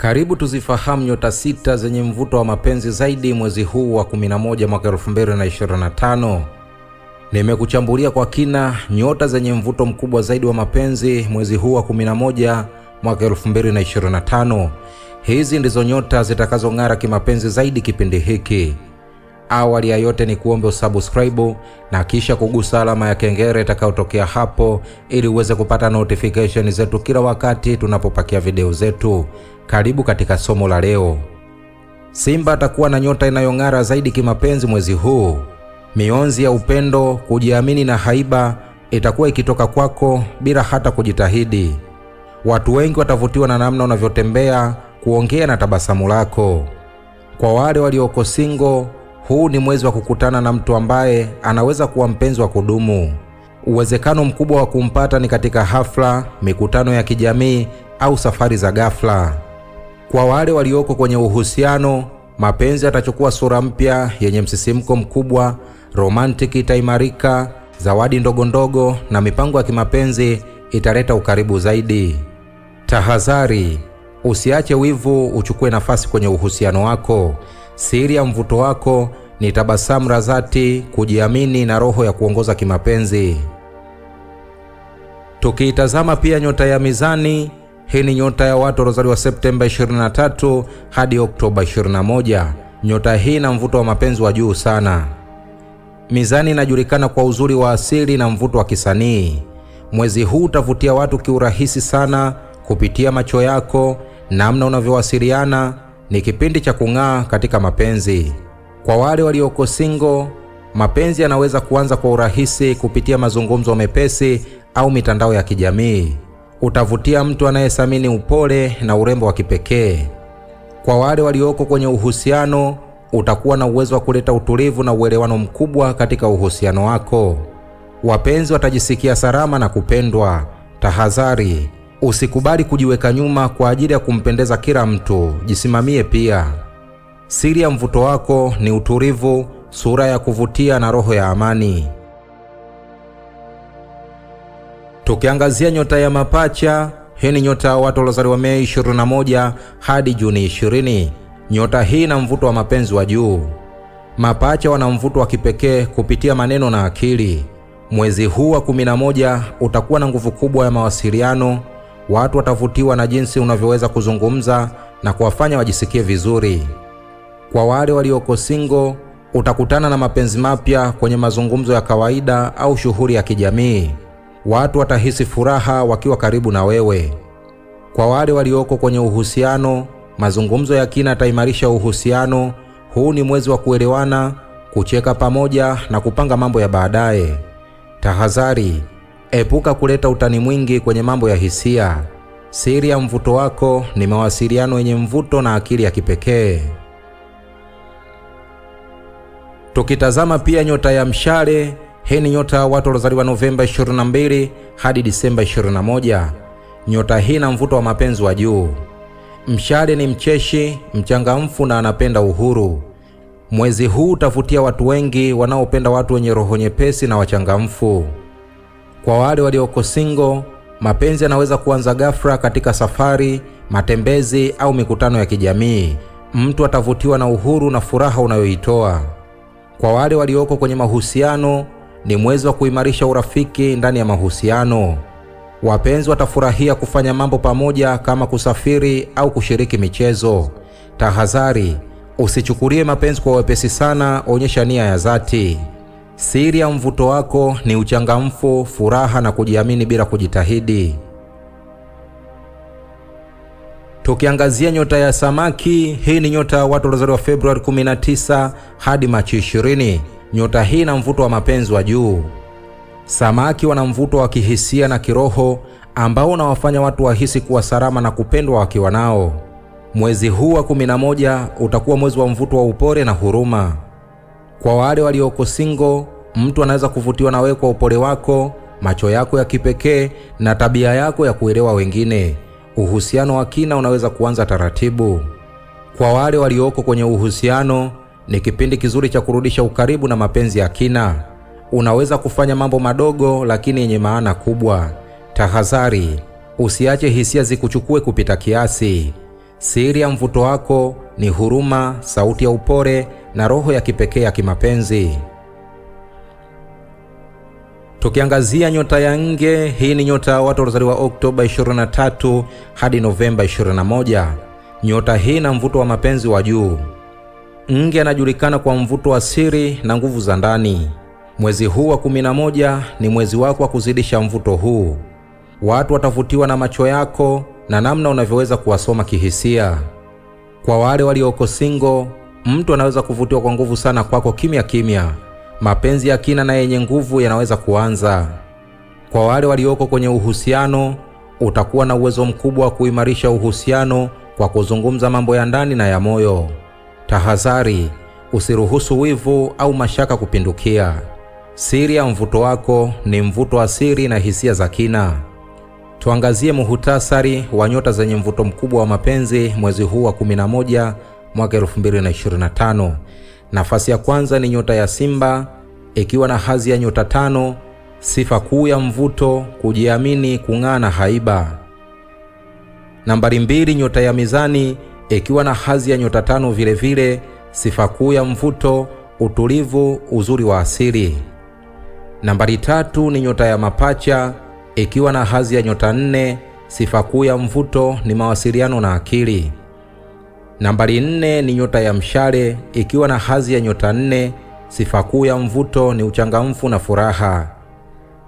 Karibu tuzifahamu nyota sita zenye mvuto wa mapenzi zaidi mwezi huu wa 11 mwaka 2025. Nimekuchambulia kwa kina nyota zenye mvuto mkubwa zaidi wa mapenzi mwezi huu wa 11 mwaka 2025. Hizi ndizo nyota zitakazong'ara kimapenzi zaidi kipindi hiki. Awali ya yote ni kuombe usubscribe na kisha kugusa alama ya kengele itakayotokea hapo ili uweze kupata notification zetu kila wakati tunapopakia video zetu. Karibu katika somo la leo. Simba atakuwa na nyota inayong'ara zaidi kimapenzi mwezi huu. Mionzi ya upendo, kujiamini na haiba itakuwa ikitoka kwako bila hata kujitahidi. Watu wengi watavutiwa na namna unavyotembea, kuongea na tabasamu lako. Kwa wale walioko singo huu ni mwezi wa kukutana na mtu ambaye anaweza kuwa mpenzi wa kudumu. Uwezekano mkubwa wa kumpata ni katika hafla, mikutano ya kijamii au safari za ghafla. Kwa wale walioko kwenye uhusiano, mapenzi yatachukua sura mpya yenye msisimko mkubwa, romantiki itaimarika, zawadi ndogo ndogo na mipango ya kimapenzi italeta ukaribu zaidi. Tahadhari: usiache wivu uchukue nafasi kwenye uhusiano wako. Siri ya mvuto wako ni tabasamu la dhati, kujiamini na roho ya kuongoza kimapenzi. Tukiitazama pia nyota ya Mizani, hii ni nyota ya watu waliozaliwa Septemba 23 hadi Oktoba 21. Nyota hii na mvuto wa mapenzi wa juu sana. Mizani inajulikana kwa uzuri wa asili na mvuto wa kisanii. Mwezi huu utavutia watu kiurahisi sana kupitia macho yako, namna unavyowasiliana ni kipindi cha kung'aa katika mapenzi. Kwa wale walioko single, mapenzi yanaweza kuanza kwa urahisi kupitia mazungumzo mepesi au mitandao ya kijamii. Utavutia mtu anayethamini upole na urembo wa kipekee. Kwa wale walioko kwenye uhusiano, utakuwa na uwezo wa kuleta utulivu na uelewano mkubwa katika uhusiano wako. Wapenzi watajisikia salama na kupendwa. Tahadhari, Usikubali kujiweka nyuma kwa ajili ya kumpendeza kila mtu, jisimamie pia. Siri ya mvuto wako ni utulivu, sura ya kuvutia na roho ya amani. Tukiangazia nyota ya mapacha, hii ni nyota ya watu waliozaliwa Mei 21 hadi Juni 20. Nyota hii na mvuto wa mapenzi wa juu. Mapacha wana mvuto wa kipekee kupitia maneno na akili. Mwezi huu wa 11 utakuwa na nguvu kubwa ya mawasiliano watu watavutiwa na jinsi unavyoweza kuzungumza na kuwafanya wajisikie vizuri. Kwa wale walioko singo, utakutana na mapenzi mapya kwenye mazungumzo ya kawaida au shughuli ya kijamii. Watu watahisi furaha wakiwa karibu na wewe. Kwa wale walioko kwenye uhusiano, mazungumzo ya kina yataimarisha uhusiano. Huu ni mwezi wa kuelewana, kucheka pamoja na kupanga mambo ya baadaye. Tahadhari: Epuka kuleta utani mwingi kwenye mambo ya hisia. Siri ya mvuto wako ni mawasiliano yenye mvuto na akili ya kipekee. Tukitazama pia nyota ya mshale, hii ni nyota ya watu waliozaliwa Novemba 22 hadi Disemba 21. Nyota hii na mvuto wa mapenzi wa juu. Mshale ni mcheshi, mchangamfu na anapenda uhuru. Mwezi huu utavutia watu wengi wanaopenda watu wenye roho nyepesi na wachangamfu. Kwa wale walioko single, mapenzi yanaweza kuanza ghafla katika safari, matembezi au mikutano ya kijamii. Mtu atavutiwa na uhuru na furaha unayoitoa. Kwa wale walioko kwenye mahusiano, ni mwezi wa kuimarisha urafiki ndani ya mahusiano. Wapenzi watafurahia kufanya mambo pamoja kama kusafiri au kushiriki michezo. Tahadhari, usichukulie mapenzi kwa wepesi sana, onyesha nia ya dhati. Siri ya mvuto wako ni uchangamfu, furaha na kujiamini bila kujitahidi. Tukiangazia nyota ya samaki, hii ni nyota ya watu waliozaliwa Februari 19 hadi Machi 20. Nyota hii ina mvuto wa mapenzi wa juu. Samaki wana mvuto wa kihisia na kiroho ambao unawafanya watu wahisi kuwa salama na kupendwa wakiwa nao. Mwezi huu wa 11 utakuwa mwezi wa mvuto wa upole na huruma. Kwa wale walioko single Mtu anaweza kuvutiwa na wewe kwa upole wako, macho yako ya kipekee na tabia yako ya kuelewa wengine. Uhusiano wa kina unaweza kuanza taratibu. Kwa wale walioko kwenye uhusiano, ni kipindi kizuri cha kurudisha ukaribu na mapenzi ya kina. Unaweza kufanya mambo madogo lakini yenye maana kubwa. Tahadhari, usiache hisia zikuchukue kupita kiasi. Siri ya mvuto wako ni huruma, sauti ya upole na roho ya kipekee ya kimapenzi. Tukiangazia nyota ya nge, hii ni nyota ya watu waliozaliwa Oktoba 23 hadi Novemba 21. Nyota hii na mvuto wa mapenzi wa juu. Nge anajulikana kwa mvuto wa siri na nguvu za ndani. Mwezi huu wa 11 ni mwezi wako wa kuzidisha mvuto huu. Watu watavutiwa na macho yako na namna unavyoweza kuwasoma kihisia. Kwa wale walioko singo, mtu anaweza kuvutiwa kwa nguvu sana kwako kimya kimya mapenzi ya kina na yenye nguvu yanaweza kuanza. Kwa wale walioko kwenye uhusiano, utakuwa na uwezo mkubwa wa kuimarisha uhusiano kwa kuzungumza mambo ya ndani na ya moyo. Tahadhari, usiruhusu wivu au mashaka kupindukia. Siri ya mvuto wako ni mvuto wa siri na hisia za kina. Tuangazie muhutasari wa nyota zenye mvuto mkubwa wa mapenzi mwezi huu wa 11 mwaka 2025. Nafasi ya kwanza ni nyota ya Simba ikiwa na hadhi ya nyota tano, sifa kuu ya mvuto, kujiamini, kung'aa na haiba. Nambari mbili, nyota ya Mizani ikiwa na hadhi ya nyota tano vilevile, sifa kuu ya mvuto, utulivu, uzuri wa asili. Nambari tatu ni nyota ya Mapacha ikiwa na hadhi ya nyota nne, sifa kuu ya mvuto ni mawasiliano na akili. Nambari nne ni nyota ya mshale ikiwa na hadhi ya nyota nne. Sifa kuu ya mvuto ni uchangamfu na furaha.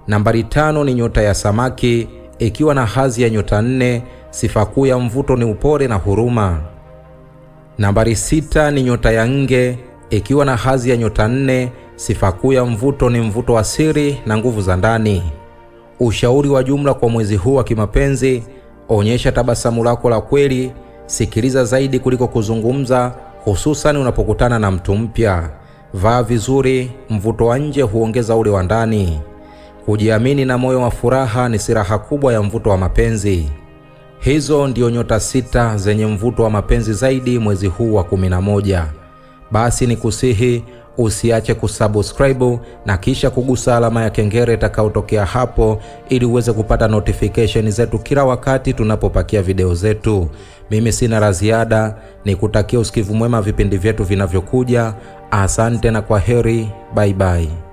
Nambari tano ni nyota ya samaki ikiwa na hadhi ya nyota nne. Sifa kuu ya mvuto ni upole na huruma. Nambari sita ni nyota ya nge ikiwa na hadhi ya nyota nne. Sifa kuu ya mvuto ni mvuto wa siri na nguvu za ndani. Ushauri wa jumla kwa mwezi huu wa kimapenzi: onyesha tabasamu lako la kweli sikiliza zaidi kuliko kuzungumza, hususan unapokutana na mtu mpya. Vaa vizuri, mvuto wa nje huongeza ule wa ndani. Kujiamini na moyo wa furaha ni silaha kubwa ya mvuto wa mapenzi. Hizo ndio nyota sita zenye mvuto wa mapenzi zaidi mwezi huu wa 11. Basi ni kusihi usiache kusubscribe na kisha kugusa alama ya kengele itakayotokea hapo, ili uweze kupata notification zetu kila wakati tunapopakia video zetu. Mimi sina la ziada, ni kutakia usikivu mwema vipindi vyetu vinavyokuja. Asante na kwa heri, baibai.